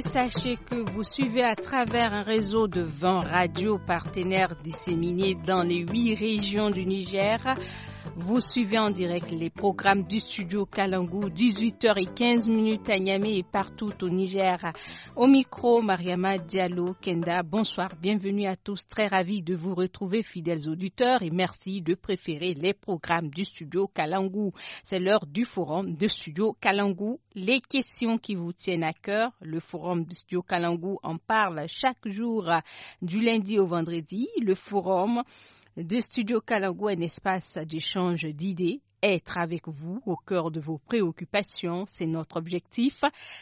sachez que vous suivez à travers un réseau de 20 radios partenaires disséminés dans les huit régions du Niger. Vous suivez en direct les programmes du studio Kalangu, 18h15 à Niamey et partout au Niger. Au micro, Mariama Diallo Kenda. Bonsoir, bienvenue à tous. Très ravi de vous retrouver, fidèles auditeurs, et merci de préférer les programmes du studio Kalangu. C'est l'heure du forum de studio Kalangu. Les questions qui vous tiennent à cœur, le forum du studio Kalangu en parle chaque jour du lundi au vendredi. Le forum de Studio Kalango, un espace d'échange d'idées. Être avec vous au cœur de vos préoccupations, c'est notre objectif.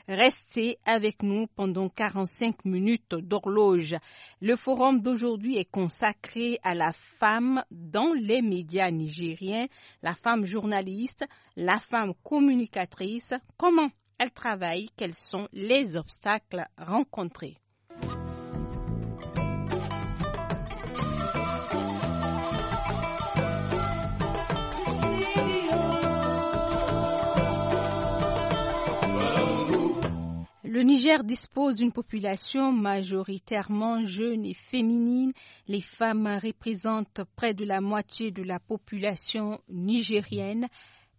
Restez avec nous pendant 45 minutes d'horloge. Le forum d'aujourd'hui est consacré à la femme dans les médias nigériens, la femme journaliste, la femme communicatrice, comment elle travaille, quels sont les obstacles rencontrés. Le Niger dispose d'une population majoritairement jeune et féminine. Les femmes représentent près de la moitié de la population nigérienne.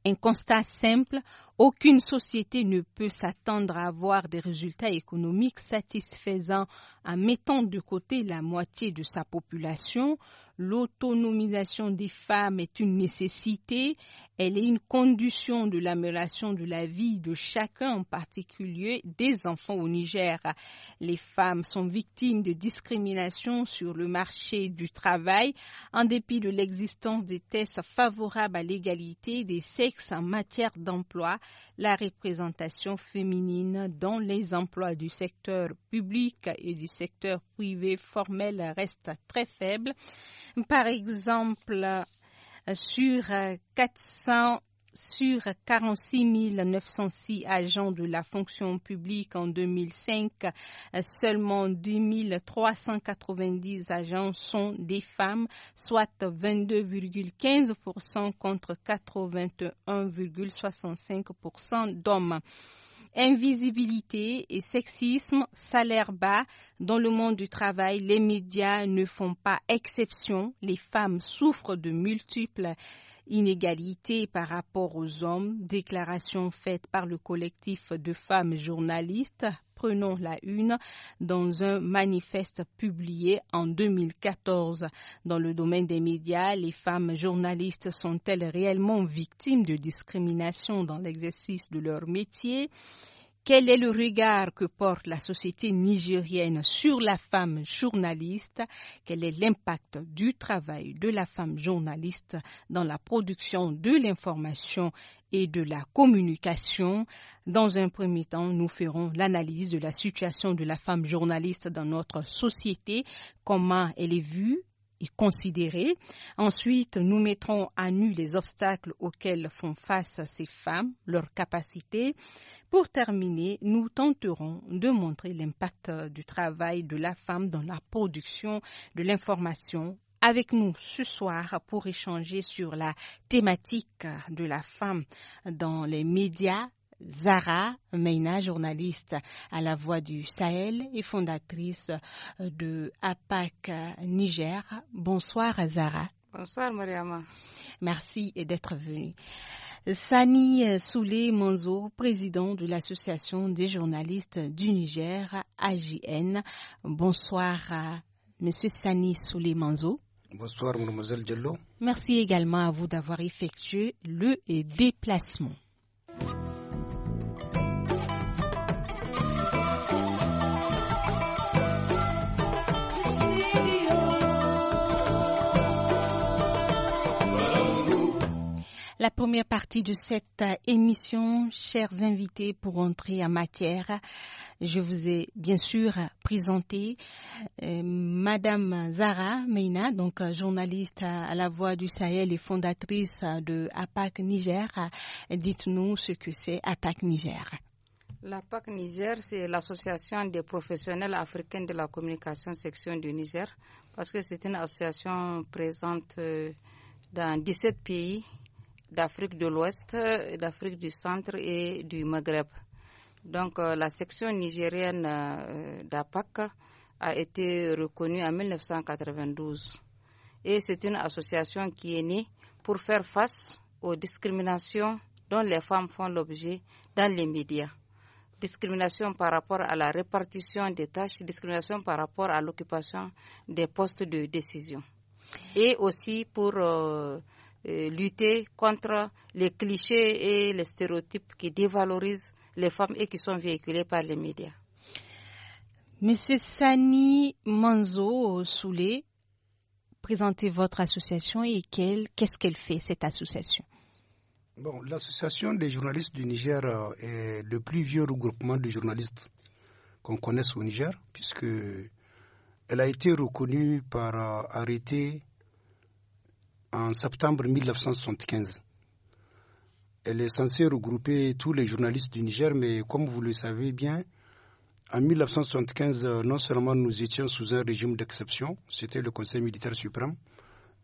Un constat simple, aucune société ne peut s'attendre à avoir des résultats économiques satisfaisants en mettant de côté la moitié de sa population. L'autonomisation des femmes est une nécessité, elle est une condition de l'amélioration de la vie de chacun, en particulier des enfants au Niger. Les femmes sont victimes de discrimination sur le marché du travail en dépit de l'existence des tests favorables à l'égalité des sexes en matière d'emploi la représentation féminine dans les emplois du secteur public et du secteur privé formel reste très faible. Par exemple, sur 400 sur 46 906 agents de la fonction publique en 2005, seulement 2 390 agents sont des femmes, soit 22,15% contre 81,65% d'hommes invisibilité et sexisme, salaire bas. Dans le monde du travail, les médias ne font pas exception. Les femmes souffrent de multiples Inégalité par rapport aux hommes, déclaration faite par le collectif de femmes journalistes prenons la une dans un manifeste publié en 2014. Dans le domaine des médias, les femmes journalistes sont-elles réellement victimes de discrimination dans l'exercice de leur métier quel est le regard que porte la société nigérienne sur la femme journaliste Quel est l'impact du travail de la femme journaliste dans la production de l'information et de la communication Dans un premier temps, nous ferons l'analyse de la situation de la femme journaliste dans notre société, comment elle est vue, et considérer. Ensuite, nous mettrons à nu les obstacles auxquels font face ces femmes, leurs capacités. Pour terminer, nous tenterons de montrer l'impact du travail de la femme dans la production de l'information avec nous ce soir pour échanger sur la thématique de la femme dans les médias, Zara Meina, journaliste à la Voix du Sahel et fondatrice euh, de APAC Niger. Bonsoir Zara. Bonsoir Mariama. Merci d'être venue. Sani Souley Manzo, président de l'Association des journalistes du Niger, AJN. Bonsoir à Monsieur Sani Souley Manzo. Bonsoir Mademoiselle Diallo. Merci également à vous d'avoir effectué le déplacement. La première partie de cette euh, émission, chers invités, pour entrer en matière, je vous ai bien sûr présenté euh, Madame Zara Meina, donc euh, journaliste à la Voix du Sahel et fondatrice de APAC Niger. Dites-nous ce que c'est APAC Niger. L'APAC Niger, c'est l'association des professionnels africains de la communication section du Niger, parce que c'est une association présente dans 17 pays d'Afrique de l'Ouest, d'Afrique du Centre et du Maghreb. Donc euh, la section nigérienne euh, d'APAC a été reconnue en 1992 et c'est une association qui est née pour faire face aux discriminations dont les femmes font l'objet dans les médias. Discrimination par rapport à la répartition des tâches, discrimination par rapport à l'occupation des postes de décision. Et aussi pour euh, euh, lutter contre les clichés et les stéréotypes qui dévalorisent les femmes et qui sont véhiculés par les médias. Monsieur Sani Manzo Soulé, présentez votre association et qu'est-ce qu'elle fait, cette association bon, L'association des journalistes du Niger euh, est le plus vieux regroupement de journalistes qu'on connaisse au Niger, puisque elle a été reconnue par euh, arrêté en septembre 1975. Elle est censée regrouper tous les journalistes du Niger, mais comme vous le savez bien, en 1975, non seulement nous étions sous un régime d'exception, c'était le Conseil militaire suprême,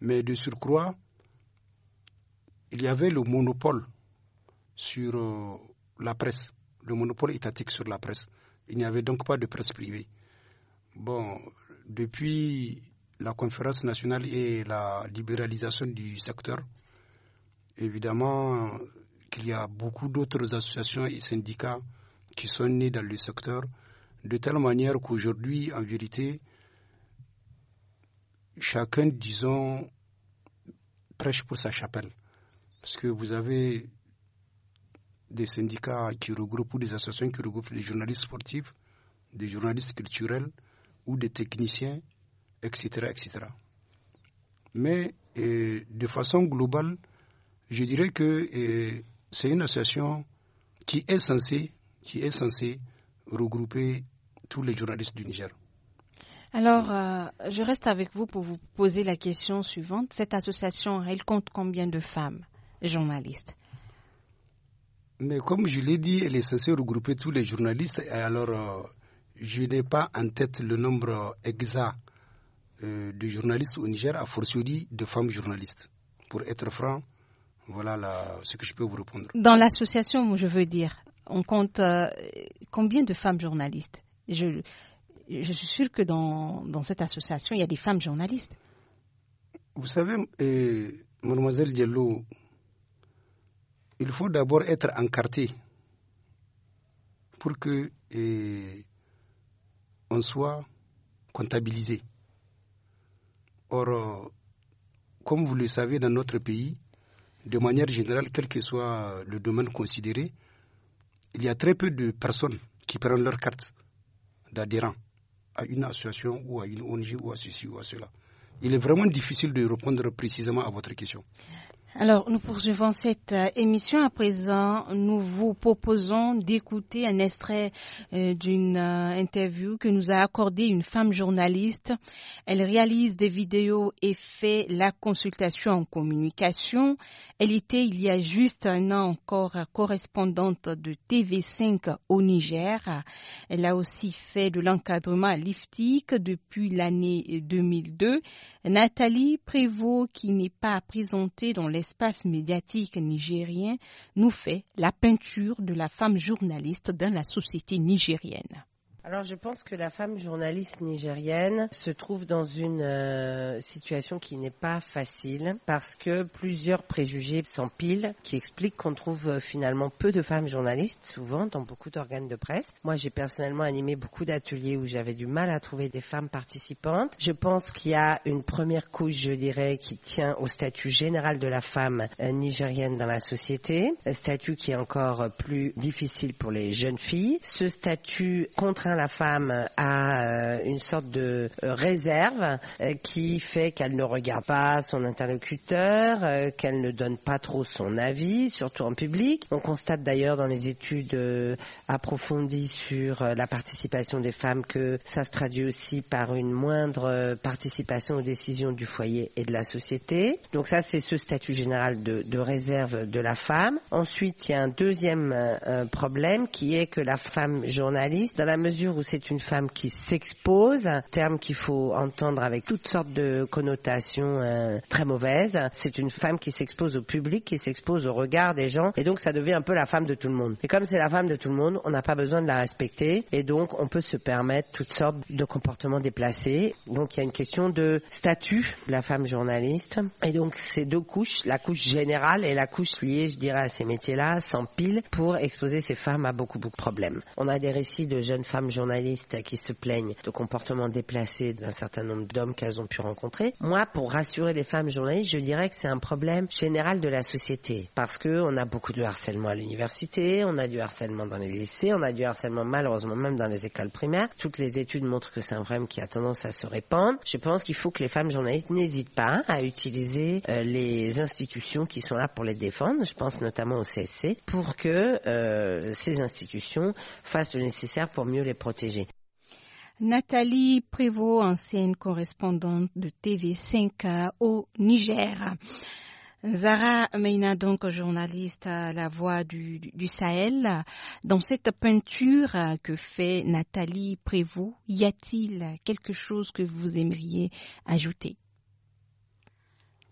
mais de surcroît, il y avait le monopole sur euh, la presse, le monopole étatique sur la presse. Il n'y avait donc pas de presse privée. Bon, depuis la conférence nationale et la libéralisation du secteur. Évidemment qu'il y a beaucoup d'autres associations et syndicats qui sont nés dans le secteur, de telle manière qu'aujourd'hui, en vérité, chacun, disons, prêche pour sa chapelle. Parce que vous avez des syndicats qui regroupent ou des associations qui regroupent des journalistes sportifs, des journalistes culturels ou des techniciens, etc. etc. Mais euh, de façon globale, je dirais que euh, c'est une association qui est censée, qui est censée regrouper tous les journalistes du Niger. Alors, euh, je reste avec vous pour vous poser la question suivante. Cette association, elle compte combien de femmes journalistes Mais comme je l'ai dit, elle est censée regrouper tous les journalistes. Alors, je n'ai pas en tête le nombre exact euh, de journalistes au Niger, a fortiori de femmes journalistes. Pour être franc, voilà ce que je peux vous répondre. Dans l'association, je veux dire, on compte euh, combien de femmes journalistes je, suis sûr que dans, cette association, il y a des femmes journalistes. Vous savez, euh, mademoiselle Diallo, il faut d'abord être encarté pour que on soit comptabilisé. Or, euh, comme vous le savez, dans notre pays, de manière générale, quel que soit le domaine considéré, il y a très peu de personnes qui prennent leur carte d'adhérent à une association ou à une ONG ou à ceci ou à cela. Il est vraiment difficile de répondre précisément à votre question. Alors, nous poursuivons cette euh, émission. À présent, nous vous proposons d'écouter un extrait euh, d'une euh, interview que nous a accordée une femme journaliste. Elle réalise des vidéos et fait la consultation en communication. Elle était, il y a juste un an encore, correspondante de TV5 au Niger. Elle a aussi fait de l'encadrement liftique depuis l'année 2002. Nathalie Prévost, qui n'est pas présentée dans les l'espace médiatique nigérien nous fait la peinture de la femme journaliste dans la société nigérienne. Alors je pense que la femme journaliste nigérienne se trouve dans une euh, situation qui n'est pas facile parce que plusieurs préjugés s'empilent qui expliquent qu'on trouve euh, finalement peu de femmes journalistes souvent dans beaucoup d'organes de presse. Moi j'ai personnellement animé beaucoup d'ateliers où j'avais du mal à trouver des femmes participantes. Je pense qu'il y a une première couche je dirais qui tient au statut général de la femme euh, nigérienne dans la société, un statut qui est encore plus difficile pour les jeunes filles. Ce statut contraint la femme a euh, une sorte de euh, réserve euh, qui fait qu'elle ne regarde pas son interlocuteur, qu'elle ne donne pas trop son avis, surtout en public. On constate d'ailleurs dans les études approfondies sur la participation des femmes que ça se traduit aussi par une moindre participation aux décisions du foyer et de la société. Donc ça, c'est ce statut général de, de, réserve de la femme. Ensuite, il y a un deuxième problème qui est que la femme journaliste, dans la mesure où c'est une femme qui s'expose, terme qu'il faut entendre avec toutes sortes de connotations euh, très mauvaises. C'est une femme qui s'expose au public, qui s'expose au regard des gens, et donc ça devient un peu la femme de tout le monde. Et comme c'est la femme de tout le monde, on n'a pas besoin de la respecter, et donc on peut se permettre toutes sortes de comportements déplacés. Donc il y a une question de statut de la femme journaliste, et donc ces deux couches, la couche générale et la couche liée, je dirais, à ces métiers-là, s'empilent pour exposer ces femmes à beaucoup, beaucoup de problèmes. On a des récits de jeunes femmes journalistes qui se plaignent de comportements déplacés d'un certain nombre d'hommes qu'elles ont pu rencontrer. Moi, pour rassurer les femmes journalistes, je dirais que c'est un problème général de la société parce que on a beaucoup de harcèlement à l'université, on a du harcèlement dans les lycées, on a du harcèlement malheureusement même dans les écoles primaires. Toutes les études montrent que c'est un problème qui a tendance à se répandre. Je pense qu'il faut que les femmes journalistes n'hésitent pas à utiliser euh, les institutions qui sont là pour les défendre. Je pense notamment au CSC pour que euh, ces institutions fassent le nécessaire pour mieux les Nathalie Prévost, ancienne correspondante de TV5 euh, au Niger. Zara Meina, donc journaliste à La Voix du, du, Sahel, dans cette peinture que fait Nathalie Prévost, y a-t-il quelque chose que vous aimeriez ajouter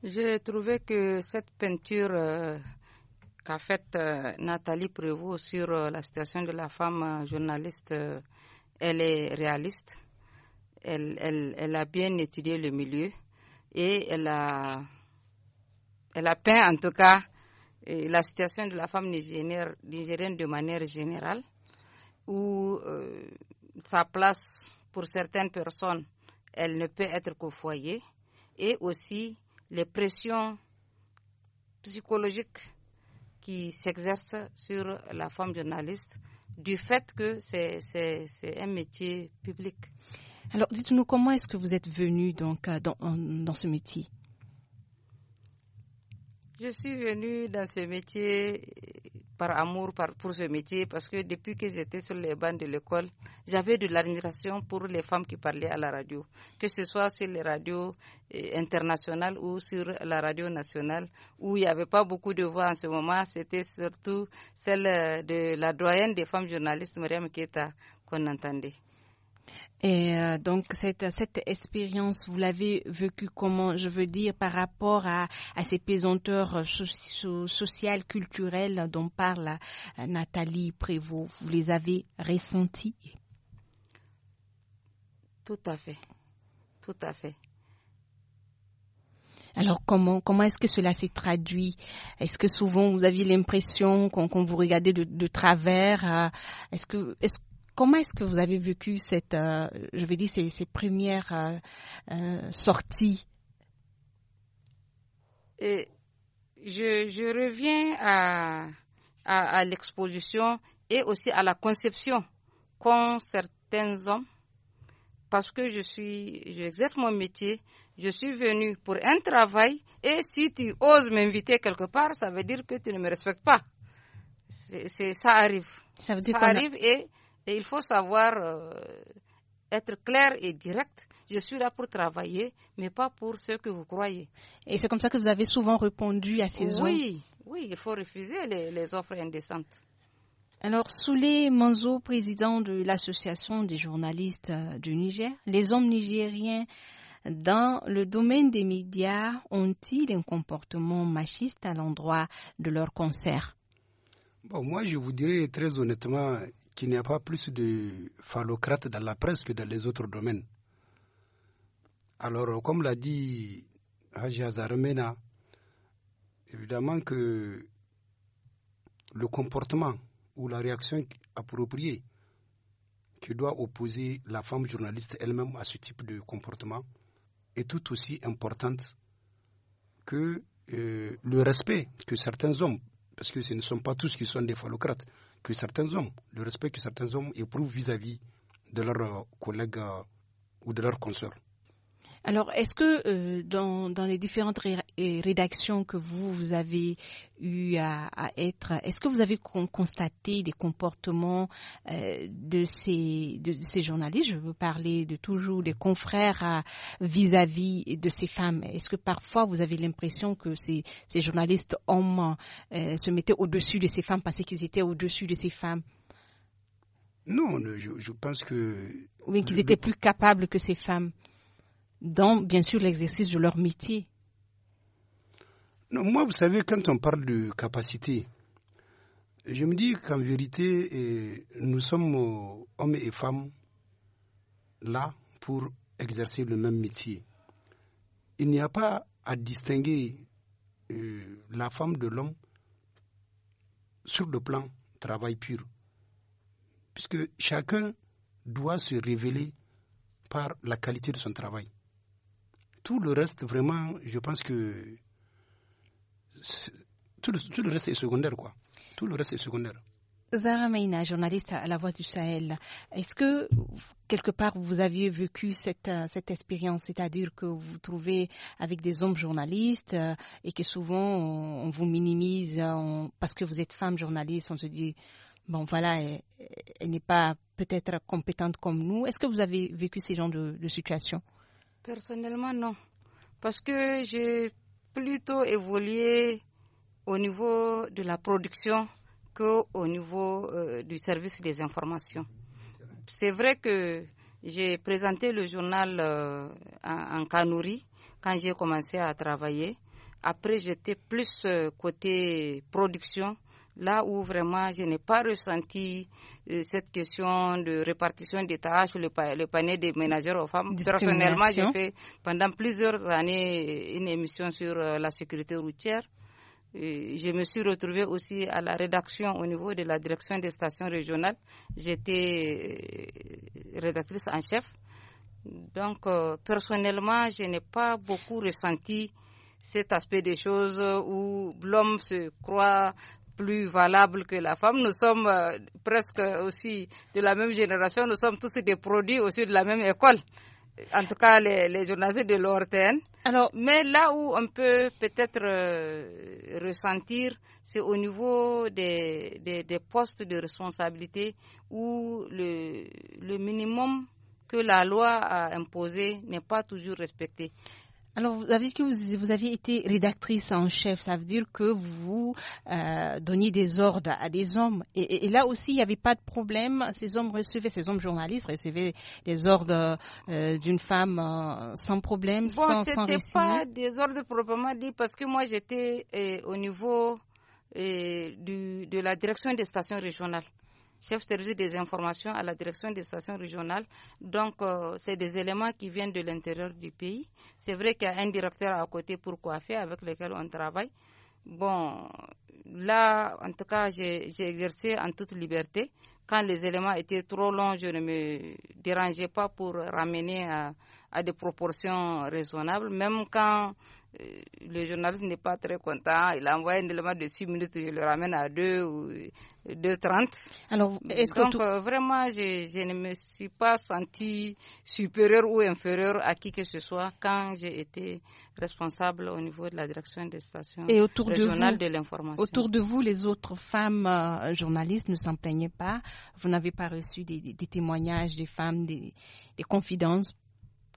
J'ai trouvé que cette peinture euh, qu'a fait, euh, Nathalie Prévost sur euh, la situation de la femme euh, journaliste, elle est réaliste. Elle, a bien étudié le milieu et elle a, elle a peint en tout cas la situation de la femme nigérienne de manière générale, où sa place pour certaines personnes, elle ne peut être qu'au foyer, et aussi les pressions psychologiques qui s'exerce sur la femme journaliste du fait que c'est un métier public. Alors, dites-nous comment est-ce que vous êtes venu donc euh, dans, dans ce métier Je suis venue dans ce métier par amour pour ce métier, parce que depuis que j'étais sur les bancs de l'école, j'avais de l'admiration pour les femmes qui parlaient à la radio, que ce soit sur les radios eh, internationales ou sur la radio nationale, où il n'y avait pas beaucoup de voix en ce moment, c'était surtout celle euh, de la doyenne des femmes journalistes, Mariam Keta, qu'on entendait. Et euh, donc cette, cette expérience, vous l'avez vécue comment Je veux dire par rapport à, à ces pesanteurs euh, sociales, culturelles dont parle euh, Nathalie Prévost. Vous les avez ressenties Tout à fait, tout à fait. Alors comment comment est-ce que cela s'est traduit Est-ce que souvent vous aviez l'impression qu'on vous regardait de, de travers Est-ce que est-ce Comment est-ce que vous avez vécu cette, euh, je vais dire, ces, premières euh, euh, sorties Et je, reviens à, l'exposition et aussi à la conception qu'ont certains hommes, parce que je suis, j'exerce mon métier, je suis venu pour un travail, et si tu oses m'inviter quelque part, ça veut dire que tu ne me respectes pas. C'est, ça arrive. Ça veut dire arrive et et il faut savoir euh, être clair et direct. Je suis là pour travailler, mais pas pour ce que vous croyez. Et c'est comme ça que vous avez souvent répondu à ces oui, offres Oui, il faut refuser les, offres indécentes. Alors, Souley Manzo, président de l'Association des journalistes euh, du Niger, les hommes nigériens dans le domaine des médias ont-ils un comportement machiste à l'endroit de leurs concerts Bon, moi, je vous dirais très honnêtement, qu'il n'y a pas plus de phallocrates dans la presse que dans les autres domaines. Alors, comme l'a dit Haji Mena, évidemment que le comportement ou la réaction appropriée qui doit opposer la femme journaliste elle-même à ce type de comportement est tout aussi importante que euh, le respect que certains hommes, parce que ce ne sont pas tous qui sont des phallocrates, que certains hommes, le respect que certains hommes éprouvent vis-à-vis de leurs euh, collègues euh, ou de leurs consoeurs. Alors, est-ce que euh, dans, dans, les différentes rédactions que vous, vous, avez eu à, être, est-ce que vous avez constaté des comportements euh, de, ces, de, ces, journalistes Je veux parler de toujours des confrères vis-à-vis de ces femmes. Est-ce que parfois vous avez l'impression que ces, ces, journalistes hommes euh, se mettaient au-dessus de ces femmes parce qu'ils étaient au-dessus de ces femmes Non, je, je pense que... Oui, qu'ils étaient plus capables que ces femmes dans, bien sûr, l'exercice de leur métier Moi, vous savez, quand on parle de capacité, je me dis qu'en vérité, eh, nous sommes euh, hommes et femmes là pour exercer le même métier. Il n'y a pas à distinguer euh, la femme de l'homme sur le plan travail pur, puisque chacun doit se révéler par la qualité de son travail. Tout le reste, vraiment, je pense que tout le, reste est secondaire, quoi. Tout le reste est secondaire. Zara Meina, journaliste à La Voix du Sahel, est-ce que quelque part vous aviez vécu cette, cette expérience, c'est-à-dire que vous vous trouvez avec des hommes journalistes euh, et que souvent on, vous minimise euh, parce que vous êtes femme journaliste, on se dit bon voilà, elle, n'est pas peut-être compétente comme nous. Est-ce que vous avez vécu ces genres de situations Personnellement, non. Parce que j'ai plutôt évolué au niveau de la production qu'au niveau euh, du service des informations. C'est vrai que j'ai présenté le journal euh, en, en quand j'ai commencé à travailler. Après, j'étais plus euh, côté production là où vraiment je n'ai pas ressenti euh, cette question de répartition des tâches, le, le panier des ménagères aux femmes. Personnellement, j'ai fait pendant plusieurs années euh, une émission sur euh, la sécurité routière. je me suis retrouvée aussi à la rédaction au niveau de la direction des stations régionales. J'étais rédactrice en chef. Donc, personnellement, je n'ai pas beaucoup ressenti cet aspect des choses où l'homme se croit plus valable que la femme. Nous sommes euh, presque aussi de la même génération, nous sommes tous des produits aussi de la même école. En tout cas, les, journalistes de l'Orten. Alors, mais là où on peut peut-être euh, ressentir, c'est au niveau des, des, des, postes de responsabilité où le, le minimum que la loi a imposé n'est pas toujours respecté. Alors, vous avez que vous, aviez été rédactrice en chef, ça veut dire que vous euh, donniez des ordres à des hommes. Et, là aussi, il n'y avait pas de problème. Ces hommes recevaient, ces hommes journalistes recevaient des ordres euh, d'une femme euh, sans problème, bon, sans Bon, pas des ordres proprement dit parce que moi, j'étais au niveau de la direction des stations régionales chef service des informations à la direction des stations régionales. Donc, euh, c'est des éléments qui viennent de l'intérieur du pays. C'est vrai qu'il y a un directeur à côté pour coiffer avec lequel on travaille. Bon, là, en tout cas, j'ai exercé en toute liberté. Quand les éléments étaient trop longs, je ne me dérangeais pas pour ramener à, des proportions raisonnables. Même quand euh, le journaliste n'est pas très content, il envoie un élément de 6 minutes, je le ramène à 2 de 30. Alors, est-ce que. Euh, vraiment, je, ne me suis pas sentie supérieure ou inférieure à qui que ce soit quand j'ai été responsable au niveau de la direction des stations Et autour régionales de, l'information. Autour de vous, les autres femmes euh, journalistes ne s'en plaignaient pas. Vous n'avez pas reçu des, témoignages des femmes, des confidences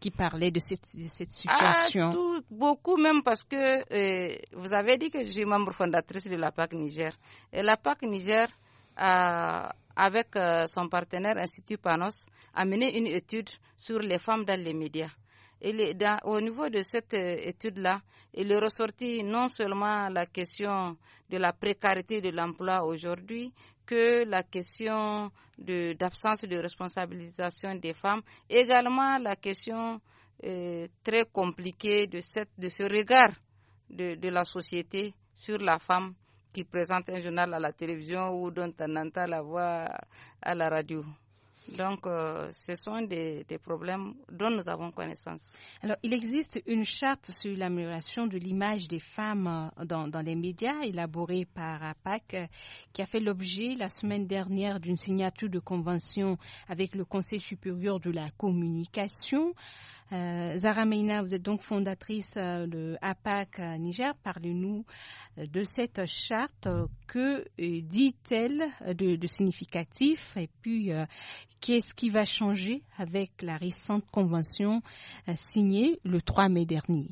qui parlait de cette, de cette ah, situation ah, Beaucoup même parce que euh, vous avez dit que je suis membre fondatrice de la PAC Niger. Et la PAC Niger avec euh, son partenaire Institut Panos, a mené une étude sur les femmes dans les médias. Et au niveau de cette euh, étude-là, il est ressorti non seulement la question de la précarité de l'emploi aujourd'hui, que la question d'absence de, de, responsabilisation des femmes, également la question euh, très compliquée de, ce regard de, de, la société sur la femme qui présente un journal à la télévision ou dont on entend la voix à la radio. Donc, euh, ce sont des, problèmes dont nous avons connaissance. Alors, il existe une charte sur l'amélioration de l'image des femmes euh, dans, dans, les médias élaborée par APAC euh, qui a fait l'objet la semaine dernière d'une signature de convention avec le Conseil supérieur de la communication. Euh, Zara Meina, vous êtes donc fondatrice euh, de APAC Niger. Parlez-nous euh, de cette charte. Que dit-elle de, de, significatif Et puis, qu'est-ce qui va changer avec la récente convention signée le 3 mai dernier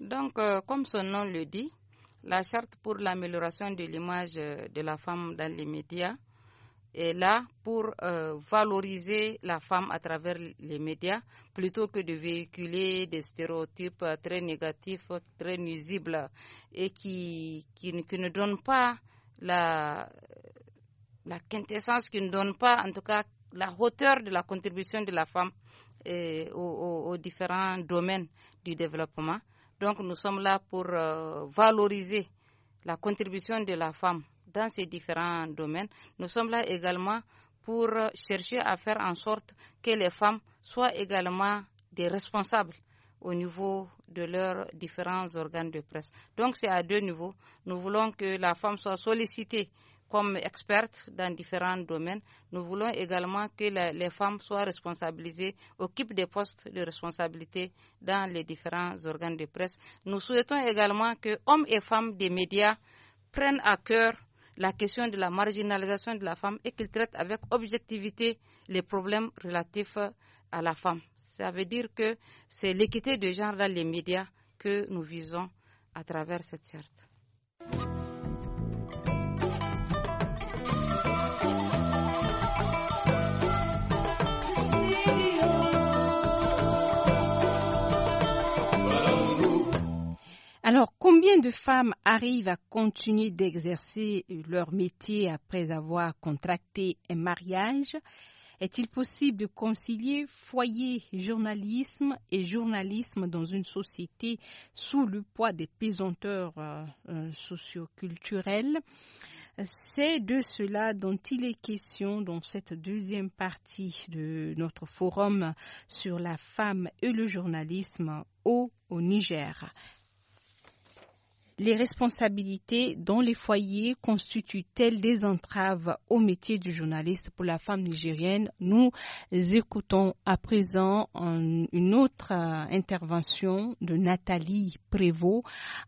Donc, comme son nom le dit, la charte pour l'amélioration de l'image de la femme dans les médias est là pour euh, valoriser la femme à travers les médias plutôt que de véhiculer des stéréotypes très négatifs, très nuisibles et qui, qui, ne donnent pas la, quintessence, qui ne donnent pas en tout cas la hauteur de la contribution de la femme eh, aux, différents domaines du développement. Donc nous sommes là pour euh, valoriser la contribution de la femme dans ces différents domaines. Nous sommes là également pour chercher à faire en sorte que les femmes soient également des responsables au niveau de leurs différents organes de presse. Donc c'est à deux niveaux. Nous voulons que la femme soit sollicitée comme experte dans différents domaines. Nous voulons également que les femmes soient responsabilisées, occupent des postes de responsabilité dans les différents organes de presse. Nous souhaitons également que hommes et femmes des médias prennent à cœur la question de la marginalisation de la femme et qu'il traite avec objectivité les problèmes relatifs à la femme. Ça veut dire que c'est l'équité de genre dans les médias que nous visons à travers cette charte. Alors, combien de femmes arrivent à continuer d'exercer leur métier après avoir contracté un mariage Est-il possible de concilier foyer, journalisme et journalisme dans une société sous le poids des pesanteurs euh, euh, socioculturels? socioculturelles c'est de cela dont il est question dans cette deuxième partie de notre forum sur la femme et le journalisme au Niger les responsabilités dans les foyers constituent-elles des entraves au métier du journaliste pour la femme nigérienne Nous écoutons à présent une autre euh, intervention de Nathalie Prévost,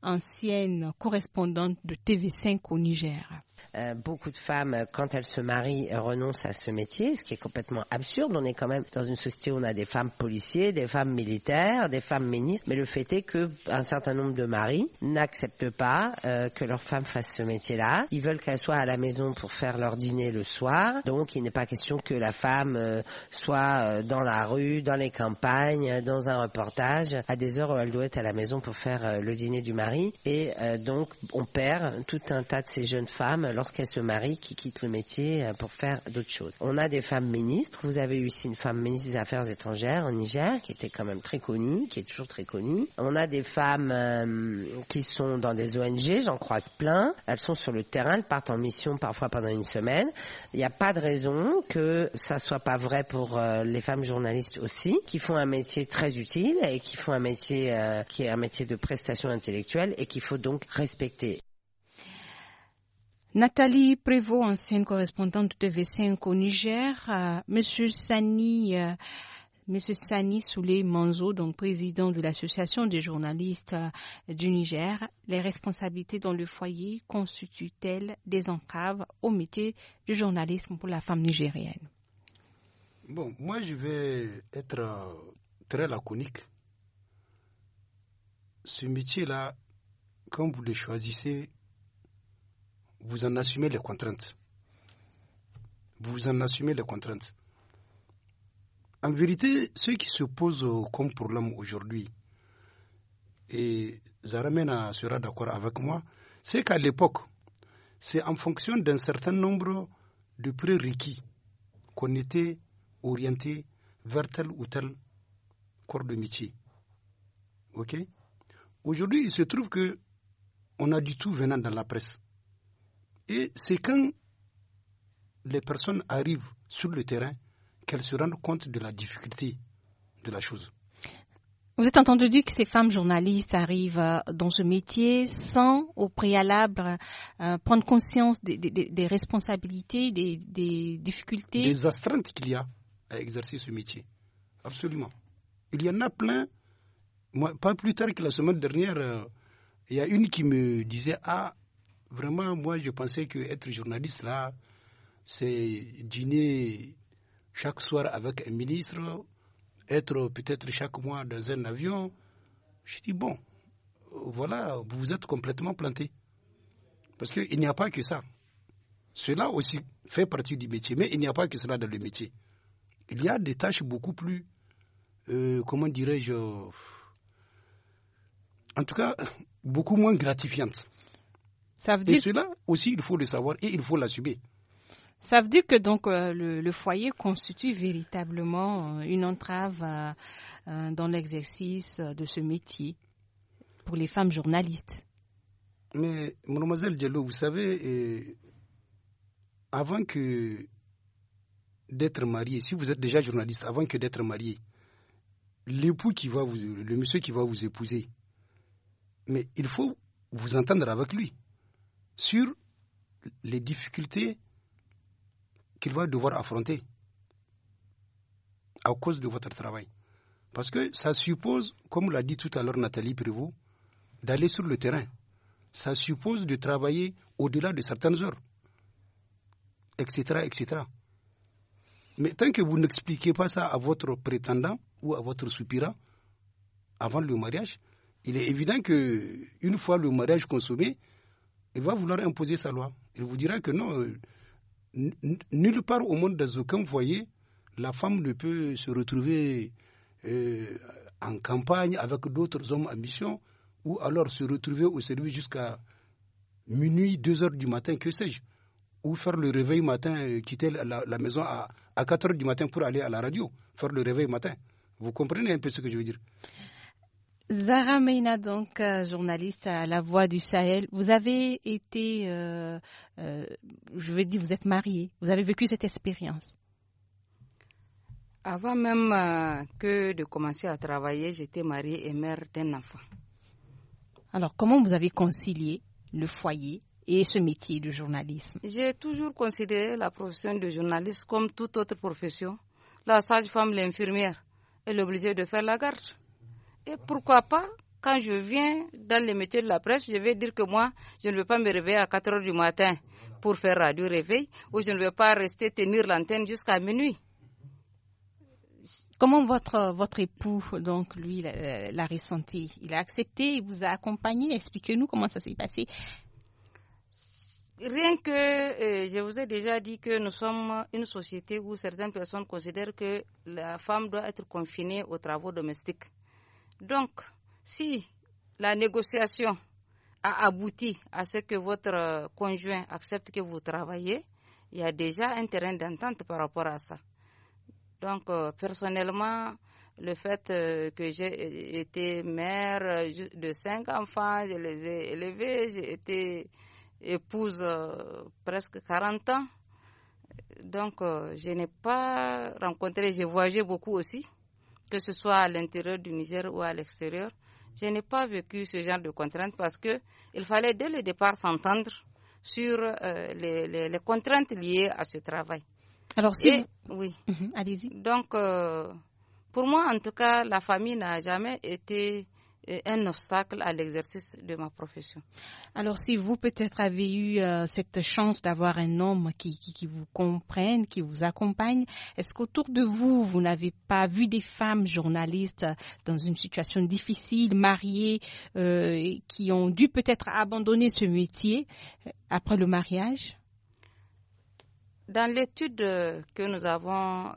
ancienne correspondante de TV5 au Niger. Euh, beaucoup de femmes, euh, quand elles se marient, euh, renoncent à ce métier, ce qui est complètement absurde. On est quand même dans une société où on a des femmes policiers, des femmes militaires, des femmes ministres, mais le fait est que un certain nombre de maris n'acceptent pas que leurs femmes fassent ce métier-là. Ils veulent qu'elles soient à la maison pour faire leur dîner le soir. Donc, il n'est pas question que la femme soit dans la rue, dans les campagnes, dans un reportage, à des heures où elle doit être à la maison pour faire le dîner du mari. Et donc, on perd tout un tas de ces jeunes femmes euh, lorsqu'elles se marient, qui quittent le métier euh, pour faire d'autres choses. On a des femmes ministres. Vous avez eu ici une femme ministre des Affaires étrangères au Niger, qui était quand même très connue, qui est toujours très connue. On a des femmes euh, qui sont dans des ONG, j'en croise plein. Elles sont sur le terrain, elles partent en mission parfois pendant une semaine. Il n'y a pas de raison que ça soit pas vrai pour les femmes journalistes aussi, qui font un métier très utile et qui font un métier qui est un métier de prestation intellectuelle et qu'il faut donc respecter. Nathalie Prévost, ancienne correspondante de TV5 au Niger, euh, Monsieur Sani. Euh, Monsieur Manzo, donc président de l'Association des journalistes euh, du Niger, les responsabilités dans le foyer constituent-elles des entraves au métier du journalisme pour la femme nigérienne Bon, moi je vais être très laconique. Ce métier-là, quand vous le choisissez, vous en assumez les contraintes. Vous en assumez les contraintes. En vérité, ce qui se pose comme problème aujourd'hui, et Zaramena sera d'accord avec moi, c'est qu'à l'époque, c'est en fonction d'un certain nombre de prérequis qu'on était orienté vers tel ou tel corps de métier. OK Aujourd'hui, il se trouve que on a du tout venant dans la presse. Et c'est quand les personnes arrivent sur le terrain qu'elles se rendent compte de la difficulté de la chose. Vous êtes entendu dire que ces femmes journalistes arrivent euh, dans ce métier sans au préalable euh, prendre conscience des, responsabilités, des, difficultés. Des astreintes qu'il y a à exercer ce métier. Absolument. Il y en a plein. Moi, pas plus tard que la semaine dernière, euh, il y a une qui me disait Ah, Vraiment, moi, je pensais que être journaliste, là, c'est dîner chaque soir avec un ministre, être peut-être chaque mois dans un avion. Je dis, bon, voilà, vous vous êtes complètement planté. Parce qu'il n'y a pas que ça. Cela aussi fait partie du métier, mais il n'y a pas que cela dans le métier. Il y a des tâches beaucoup plus, euh, comment dirais-je, en tout cas, beaucoup moins gratifiantes. Et cela aussi, il faut le savoir et il faut l'assumer. Ça veut dire que donc euh, le, foyer constitue véritablement euh, une entrave euh, dans l'exercice de ce métier pour les femmes journalistes. Mais mademoiselle Diallo, vous savez, avant que d'être mariée, si vous êtes déjà journaliste, avant que d'être mariée, l'époux qui va vous, le monsieur qui va vous épouser, mais il faut vous entendre avec lui sur les difficultés qu'il va devoir affronter à cause de votre travail. Parce que ça suppose, comme l'a dit tout à l'heure Nathalie Prévost, d'aller sur le terrain. Ça suppose de travailler au-delà de certaines heures, etc., etc. Mais tant que vous n'expliquez pas ça à votre prétendant ou à votre soupirant avant le mariage, il est évident que une fois le mariage consommé, il va vouloir imposer sa loi. Il vous dira que non, euh, nulle part au monde, dans aucun foyer, la femme ne peut se retrouver euh, en campagne avec d'autres hommes en mission, ou alors se retrouver au service jusqu'à minuit, deux heures du matin, que sais-je, ou faire le réveil matin, euh, quitter la, maison à, à 4 heures du matin pour aller à la radio, faire le réveil matin. Vous comprenez un peu ce que je veux dire Zara Meina, donc euh, journaliste à La Voix du Sahel, vous avez été, euh, euh, je veux dire, vous êtes mariée. Vous avez vécu cette expérience. Avant même que de commencer à travailler, j'étais mariée et mère d'un enfant. Alors, comment vous avez concilié le foyer et ce métier de journalisme J'ai toujours considéré la profession de journaliste comme toute autre profession. La sage-femme, l'infirmière, elle est obligée de faire la garde. Et pourquoi pas, quand je viens dans les métiers de la presse, je vais dire que moi, je ne veux pas me réveiller à 4 heures du matin pour faire radio réveil ou je ne veux pas rester tenir l'antenne jusqu'à minuit. Comment votre, votre époux, donc, lui, l'a ressenti Il a accepté, il vous a accompagné. Expliquez-nous comment ça s'est passé. Rien que euh, je vous ai déjà dit que nous sommes une société où certaines personnes considèrent que la femme doit être confinée aux travaux domestiques. Donc, si la négociation a abouti à ce que votre euh, conjoint accepte que vous travaillez, il y a déjà un terrain d'entente par rapport à ça. Donc, euh, personnellement, le fait euh, que j'ai été mère de cinq enfants, je les ai élevés, j'ai été épouse presque 40 ans. Donc, je n'ai pas rencontré, j'ai voyagé beaucoup aussi que ce soit à l'intérieur du Niger ou à l'extérieur, je n'ai pas vécu ce genre de contraintes parce que il fallait dès le départ s'entendre sur euh, les, contraintes liées à ce travail. Alors si oui, mhm, allez-y. Donc euh, pour moi en tout cas, la famille n'a jamais été un obstacle à l'exercice de ma profession. Alors si vous peut-être avez eu euh, cette chance d'avoir un homme qui, qui, vous comprenne, qui vous accompagne, est-ce qu'autour de vous, vous n'avez pas vu des femmes journalistes euh, dans une situation difficile, mariées, euh, qui ont dû peut-être abandonner ce métier après le mariage Dans l'étude que nous avons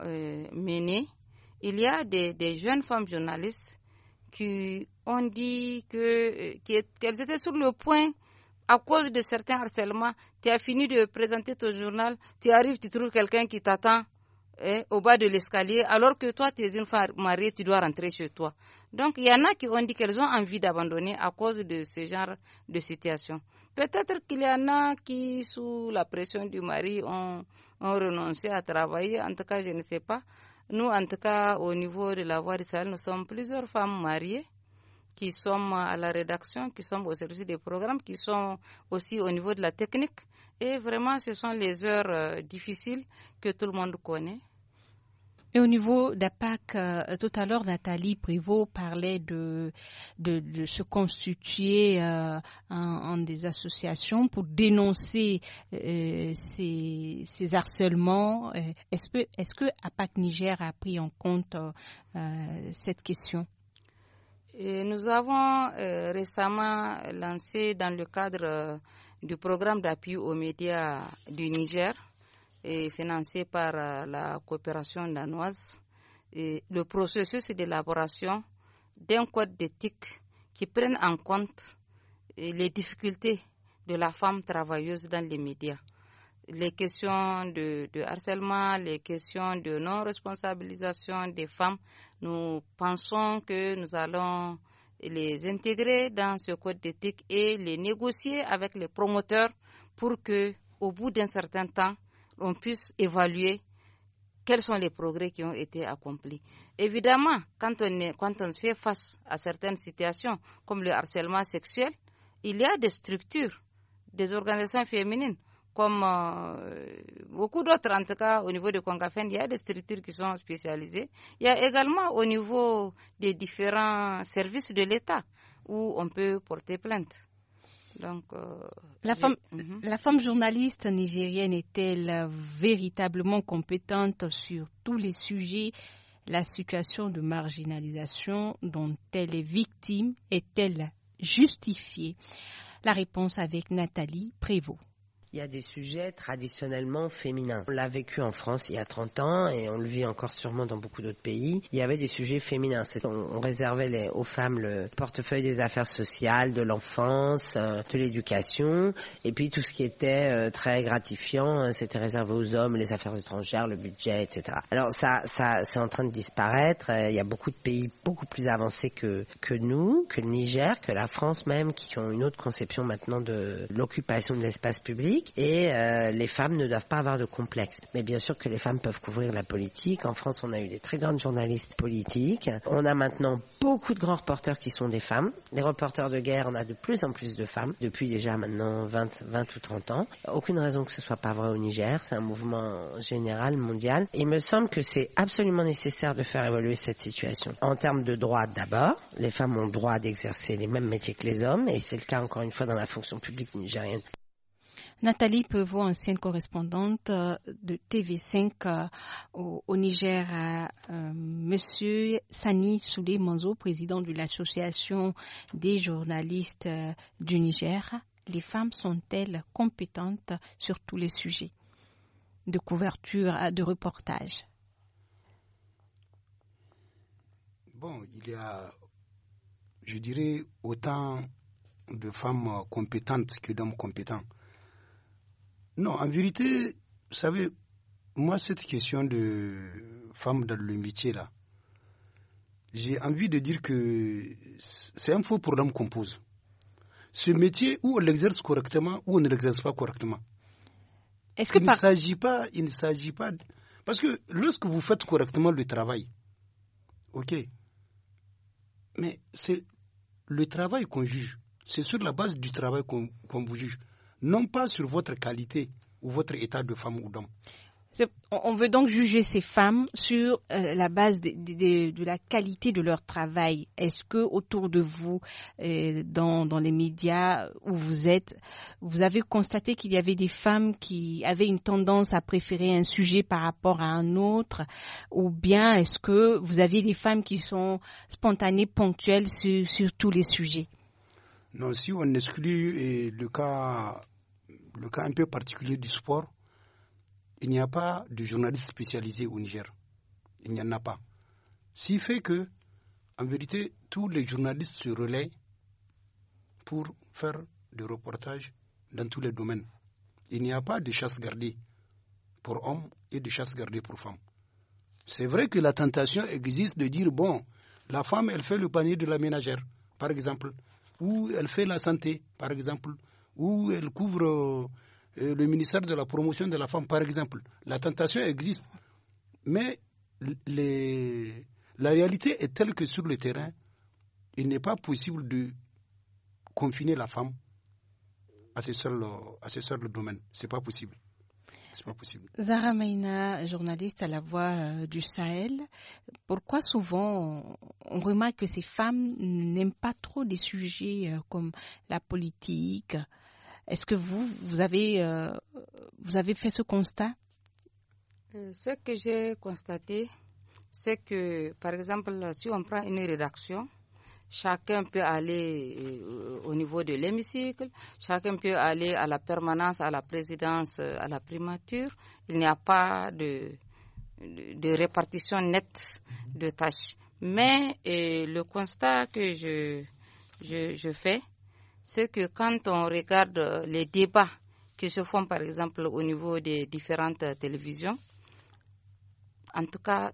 menée, il y a des, des jeunes femmes journalistes qui on dit euh, qu'elles étaient sur le point à cause de certains harcèlements. Tu as fini de présenter ton journal, tu arrives, tu trouves quelqu'un qui t'attend hein, au bas de l'escalier, alors que toi, tu es une femme mariée, tu dois rentrer chez toi. Donc, il y en a qui ont dit qu'elles ont envie d'abandonner à cause de ce genre de situation. Peut-être qu'il y en a qui, sous la pression du mari, ont, ont, renoncé à travailler. En tout cas, je ne sais pas. Nous, en tout cas, au niveau de la voie nous sommes plusieurs femmes mariées qui sont à la rédaction, qui sont au service des programmes, qui sont aussi au niveau de la technique. Et vraiment, ce sont les heures euh, difficiles que tout le monde connaît. Et au niveau d'APAC, euh, tout à l'heure, Nathalie Privot parlait de, se constituer euh, en, des associations pour dénoncer ces, harcèlements. Est-ce que, est -ce que APAC Niger a pris en compte cette question nous avons euh, récemment lancé dans le cadre euh, du programme d'appui aux médias du Niger et financé par euh, la coopération danoise le processus d'élaboration d'un code d'éthique qui prenne en compte les difficultés de la femme travailleuse dans les médias. Les questions de harcèlement, les questions de non-responsabilisation des femmes, nous pensons que nous allons les intégrer dans ce code d'éthique et les négocier avec les promoteurs pour que, au bout d'un certain temps, on puisse évaluer quels sont les progrès qui ont été accomplis. Évidemment, quand on, quand on fait face à certaines situations comme le harcèlement sexuel, il y a des structures, des organisations féminines comme euh, beaucoup d'autres, en tout cas au niveau de Congafen, il y a des structures qui sont spécialisées. Il y a également au niveau des différents services de l'État où on peut porter plainte. Donc, euh, la, femme, mhm. la femme journaliste nigérienne est-elle véritablement compétente sur tous les sujets La situation de marginalisation dont elle est victime est-elle justifiée La réponse avec Nathalie Prévost il y a des sujets traditionnellement féminins. On l'a vécu en France il y a 30 ans et on le vit encore sûrement dans beaucoup d'autres pays. Il y avait des sujets féminins. On, réservait les, aux femmes le portefeuille des affaires sociales, de l'enfance, euh, de l'éducation. Et puis tout ce qui était euh, très gratifiant, euh, c'était réservé aux hommes, les affaires étrangères, le budget, etc. Alors ça, ça c'est en train de disparaître. Il y a beaucoup de pays beaucoup plus avancés que, que nous, que le Niger, que la France même, qui ont une autre conception maintenant de l'occupation de l'espace public et euh, les femmes ne doivent pas avoir de complexe. Mais bien sûr que les femmes peuvent couvrir la politique. En France, on a eu des très grandes journalistes politiques. On a maintenant beaucoup de grands reporters qui sont des femmes. Les reporters de guerre, on a de plus en plus de femmes depuis déjà maintenant 20, 20 ou 30 ans. Aucune raison que ce soit pas vrai au Niger. C'est un mouvement général, mondial. il me semble que c'est absolument nécessaire de faire évoluer cette situation. En termes de droits d'abord, les femmes ont droit d'exercer les mêmes métiers que les hommes et c'est le cas encore une fois dans la fonction publique nigérienne. Nathalie Pevot, ancienne correspondante euh, de TV5 euh, au, Niger, euh, Monsieur Sani Souley Manzo, président de l'Association des journalistes du Niger. Les femmes sont-elles compétentes sur tous les sujets de couverture, de reportage Bon, il y a, je dirais, autant de femmes compétentes que d'hommes compétents. Non, en vérité, vous savez, moi, cette question de femme dans le métier, là, j'ai envie de dire que c'est un faux problème qu'on pose. Ce métier, où on l'exerce correctement, ou on ne l'exerce pas correctement. Est-ce que il ne s'agit pas, il ne s'agit pas, parce que lorsque vous faites correctement le travail, ok, mais c'est le travail qu'on juge, c'est sur la base du travail qu'on vous juge non pas sur votre qualité ou votre état de femme ou d'homme. On veut donc juger ces femmes sur euh, la base de, la qualité de leur travail. Est-ce que autour de vous, euh, dans, les médias où vous êtes, vous avez constaté qu'il y avait des femmes qui avaient une tendance à préférer un sujet par rapport à un autre, ou bien est-ce que vous aviez des femmes qui sont spontanées, ponctuelles sur, sur tous les sujets Non, si on exclut euh, le cas le cas un peu particulier du sport, il n'y a pas de journaliste spécialisé au Niger. Il n'y en a pas. Ce fait que, en vérité, tous les journalistes se relaient pour faire des reportages dans tous les domaines. Il n'y a pas de chasse gardée pour hommes et de chasse gardée pour femmes. C'est vrai que la tentation existe de dire, bon, la femme, elle fait le panier de la ménagère, par exemple, ou elle fait la santé, par exemple, où elle couvre euh, le ministère de la promotion de la femme, par exemple. La tentation existe. Mais la réalité est telle que sur le terrain, il n'est pas possible de confiner la femme à ce seul, à ce domaine. Ce n'est pas possible. Pas possible. Zara Meina, journaliste à la voix euh, du Sahel, pourquoi souvent on remarque que ces femmes n'aiment pas trop des sujets euh, comme la politique, est-ce que vous, vous avez, euh, vous avez fait ce constat euh, Ce que j'ai constaté, c'est que, par exemple, si on prend une rédaction, chacun peut aller euh, au niveau de l'hémicycle, chacun peut aller à la permanence, à la présidence, à la primature. Il n'y a pas de, de, répartition nette de tâches. Mais le constat que je, je fais, c'est que quand on regarde les débats qui se font par exemple au niveau des différentes télévisions, en tout cas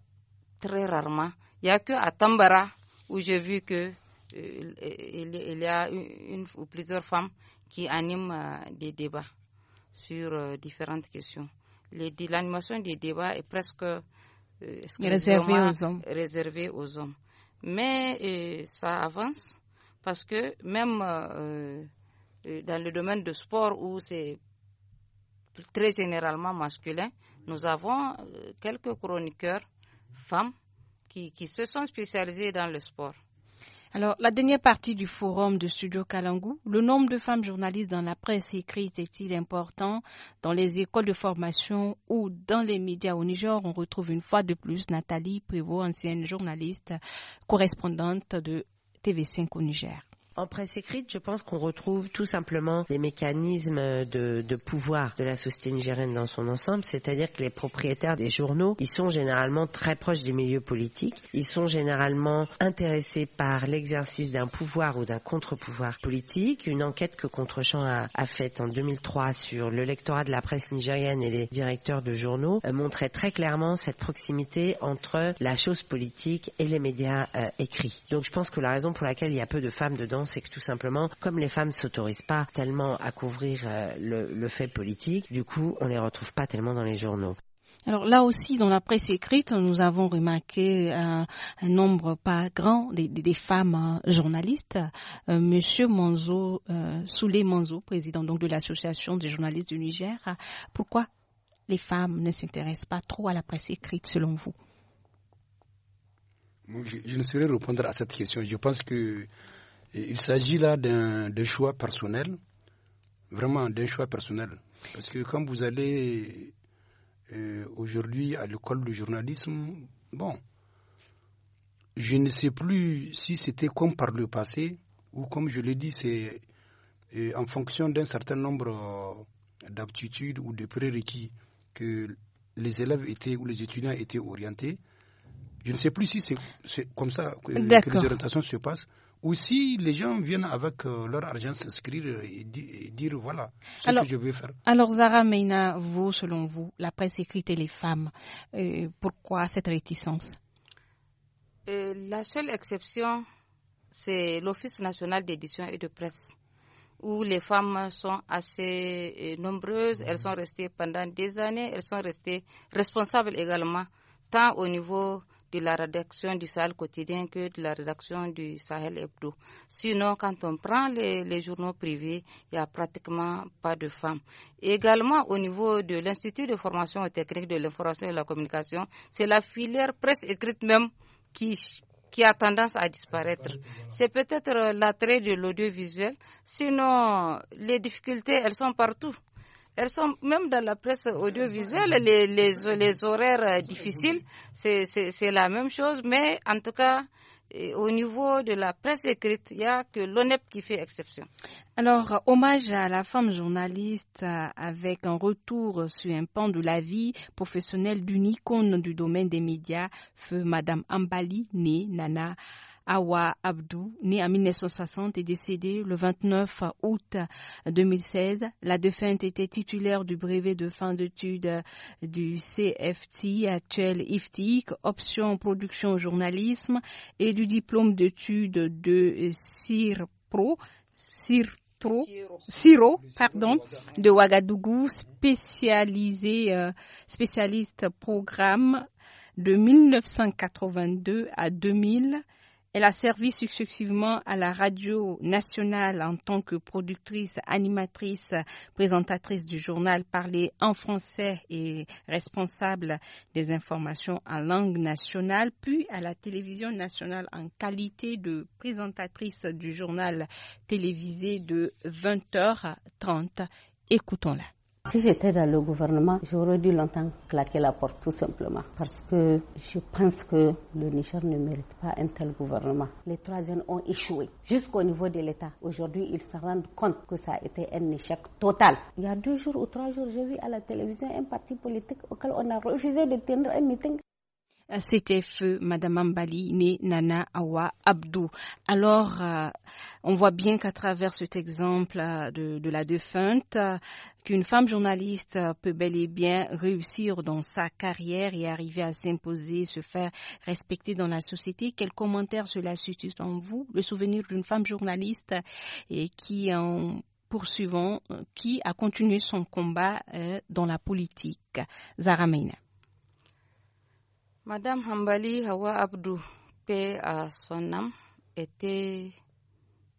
très rarement, il n'y a que à Tambara où j'ai vu que euh, il y a une ou plusieurs femmes qui animent euh, des débats sur euh, différentes questions. L'animation des débats est presque réservée aux, hommes. réservée aux hommes. Mais ça avance parce que même euh, euh, dans le domaine de sport où c'est très généralement masculin, nous avons euh, quelques chroniqueurs femmes qui, qui se sont spécialisées dans le sport. Alors, la dernière partie du forum de Studio Kalangou, le nombre de femmes journalistes dans la presse écrite est-il important Dans les écoles de formation ou dans les médias au Niger, on retrouve une fois de plus Nathalie Prévost, ancienne journaliste correspondante de TV5 au Niger. En presse écrite, je pense qu'on retrouve tout simplement les mécanismes de, de pouvoir de la société nigérienne dans son ensemble, c'est-à-dire que les propriétaires des journaux, ils sont généralement très proches des milieux politiques, ils sont généralement intéressés par l'exercice d'un pouvoir ou d'un contre-pouvoir politique. Une enquête que Contrechamp a, a faite en 2003 sur le lectorat de la presse nigérienne et les directeurs de journaux euh, montrait très clairement cette proximité entre la chose politique et les médias euh, écrits. Donc je pense que la raison pour laquelle il y a peu de femmes dedans, c'est que tout simplement, comme les femmes s'autorisent pas tellement à couvrir euh, le, fait politique, du coup, on les retrouve pas tellement dans les journaux. Alors là aussi, dans la presse écrite, nous avons remarqué euh, un, nombre pas grand des, femmes euh, journalistes. Monsieur Manzo, Souley Manzo, président donc de l'association des journalistes du Niger, pourquoi les femmes ne s'intéressent pas trop à la presse écrite selon vous je, je ne saurais répondre à cette question. Je pense que il s'agit là d'un choix personnel, vraiment d'un choix personnel. Parce que quand vous allez euh, aujourd'hui à l'école de journalisme, bon, je ne sais plus si c'était comme par le passé ou comme je l'ai dit, c'est euh, en fonction d'un certain nombre euh, d'aptitudes ou de prérequis que les élèves étaient ou les étudiants étaient orientés. Je ne sais plus si c'est comme ça que les orientations se passent ou si les gens viennent avec euh, leur argent s'inscrire et, dire voilà ce que je veux faire. Alors Zara Meina, vous, selon vous, la presse écrite et les femmes, euh, pourquoi cette réticence euh, La seule exception, c'est l'Office national d'édition et de presse, où les femmes sont assez nombreuses, elles sont restées pendant des années, elles sont restées responsables également, tant au niveau de la rédaction du Sahel quotidien que de la rédaction du Sahel hebdo. Sinon, quand on prend les, journaux privés, il n'y a pratiquement pas de femmes. Également, au niveau de l'Institut de formation technique de l'information et de la communication, c'est la filière presse écrite même qui qui a tendance à disparaître. C'est peut-être l'attrait de l'audiovisuel, sinon les difficultés, elles sont partout. Elles sont même dans la presse euh, audiovisuelle, les, horaires euh, difficiles, c'est la même chose, mais en tout cas, euh, au niveau de la presse écrite, il n'y a que l'ONEP qui fait exception. Alors, hommage à la femme journaliste avec un retour sur un pan de la vie professionnelle d'une icône du domaine des médias, feu Madame Ambali, née Nana Awa Abdou, né en 1960 et décédé le 29 août 2016. La défunte était titulaire du brevet de fin d'études du CFT, actuel IFTIC, option production journalisme et du diplôme d'études de CIRPRO, CIRPRO pardon, de Ouagadougou, spécialisé, euh, spécialiste programme de 1982 à 2000 elle a servi successivement à la radio nationale en tant que productrice, animatrice, présentatrice du journal parlé en français et responsable des informations en langue nationale, puis à la télévision nationale en qualité de présentatrice du journal télévisé de 20h30. Écoutons-la. Si j'étais dans le gouvernement, j'aurais dû longtemps claquer la porte, tout simplement. Parce que je pense que le Niger ne mérite pas un tel gouvernement. Les trois ont échoué jusqu'au niveau de l'État. Aujourd'hui, ils se rendent compte que ça a été un échec total. Il y a deux jours ou trois jours, j'ai vu à la télévision un parti politique auquel on a refusé de tenir un meeting c'était feu Madame Ambali, née Nana Awa Abdou. Alors, euh, on voit bien qu'à travers cet exemple euh, de, la défunte, euh, qu'une femme journaliste peut bel et bien réussir dans sa carrière et arriver à s'imposer, se faire respecter dans la société. Quel commentaire cela suscite en vous Le souvenir d'une femme journaliste et qui, en poursuivant, qui a continué son combat dans la politique. Zara Meina. Madame Hambali Hawa Abdou, paix à son âme, était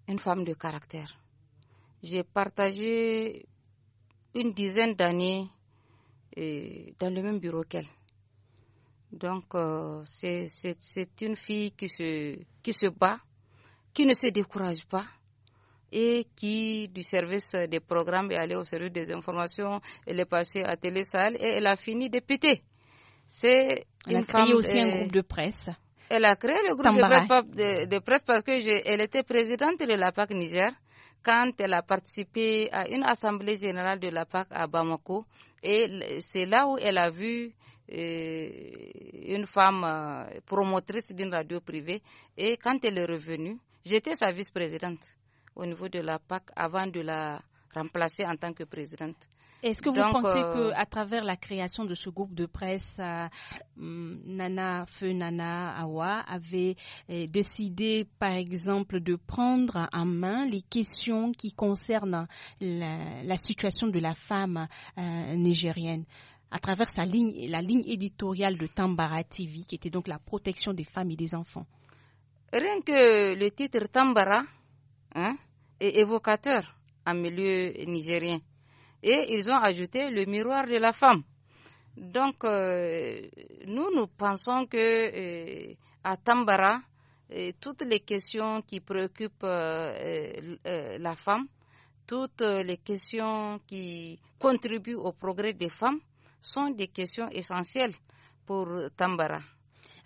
une femme de caractère. J'ai partagé une dizaine d'années euh, dans le même bureau qu'elle. Donc, euh, c'est une fille qui se, qui se bat, qui ne se décourage pas et qui, du service des programmes, est allée au service des informations, elle est passée à Télésalle et elle a fini de députée. C'est elle a créé aussi un groupe de presse. Elle a créé le groupe de presse, parce qu'elle était présidente de la PAC Niger quand elle a participé à une assemblée générale de la PAC à Bamako. Et c'est là où elle a vu euh, une femme euh, promotrice d'une radio privée. Et quand elle est revenue, j'étais sa vice-présidente au niveau de la PAC avant de la remplacer en tant que présidente. Est-ce que vous pensez euh, que à travers la création de ce groupe de presse, euh, hum, Nana Feu Nana Awa avait euh, décidé, par exemple, de prendre en main les questions qui concernent la, situation de la femme nigérienne à travers sa ligne, la ligne éditoriale de Tambara TV, qui était donc la protection des femmes et des enfants. Rien que le titre Tambara hein, est évocateur en milieu nigérien et ils ont ajouté le miroir de la femme. Donc, euh, nous, nous pensons que euh, à Tambara, euh, toutes les questions qui préoccupent la femme, toutes les questions qui contribuent au progrès des femmes sont des questions essentielles pour Tambara.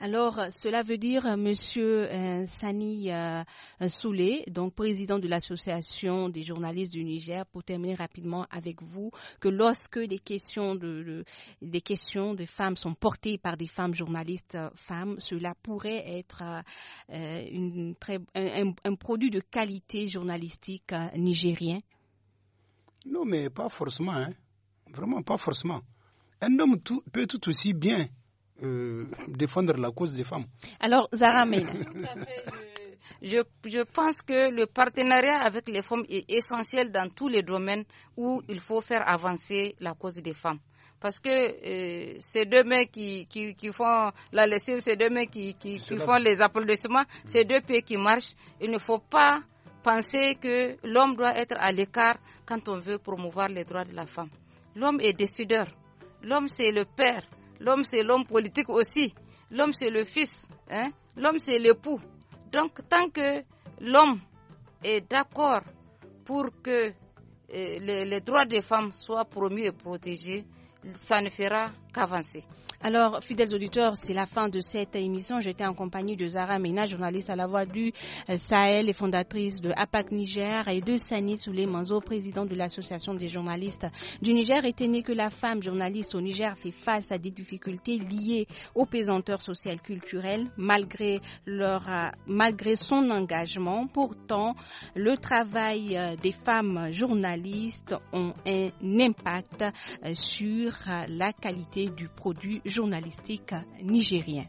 Alors, euh, cela veut dire, euh, Monsieur euh, Sani Soulet, donc président de l'Association des journalistes du Niger, pour terminer rapidement avec vous, que lorsque des questions de, des questions de femmes sont portées par des femmes journalistes femmes, cela pourrait être un, produit de qualité journalistique nigérien. Non, mais pas forcément. Hein. Vraiment pas forcément. Un homme peut tout aussi bien euh, défendre la cause des femmes. Alors, Zara je, je, pense que le partenariat avec les femmes est essentiel dans tous les domaines où il faut faire avancer la cause des femmes. Parce que c'est euh, ces deux mains qui, qui, font la lessive, ces deux mains qui, qui font les applaudissements, mmh. ces deux pieds qui marchent, il ne faut pas penser que l'homme doit être à l'écart quand on veut promouvoir les droits de la femme. L'homme est décideur. L'homme, c'est le père. L'homme, c'est l'homme politique aussi. L'homme, c'est le fils. Hein. L'homme, c'est l'époux. Donc, tant que l'homme est d'accord pour que euh, les, les droits des femmes soient promus et protégés, ça ne fera qu'avancer. Alors, fidèles auditeurs, c'est la fin de cette émission. J'étais en compagnie de Zara Mena, journaliste à la voix du euh, Sahel et fondatrice de APAC Niger, et de Sani Souley Manzo, président de l'Association des journalistes du Niger. Était né que la femme journaliste au Niger fait face à des difficultés liées aux pesanteurs sociales culturelles, malgré, leur, euh, malgré son engagement. Pourtant, le travail euh, des femmes journalistes ont un impact sur la qualité du produit journalistique nigérien.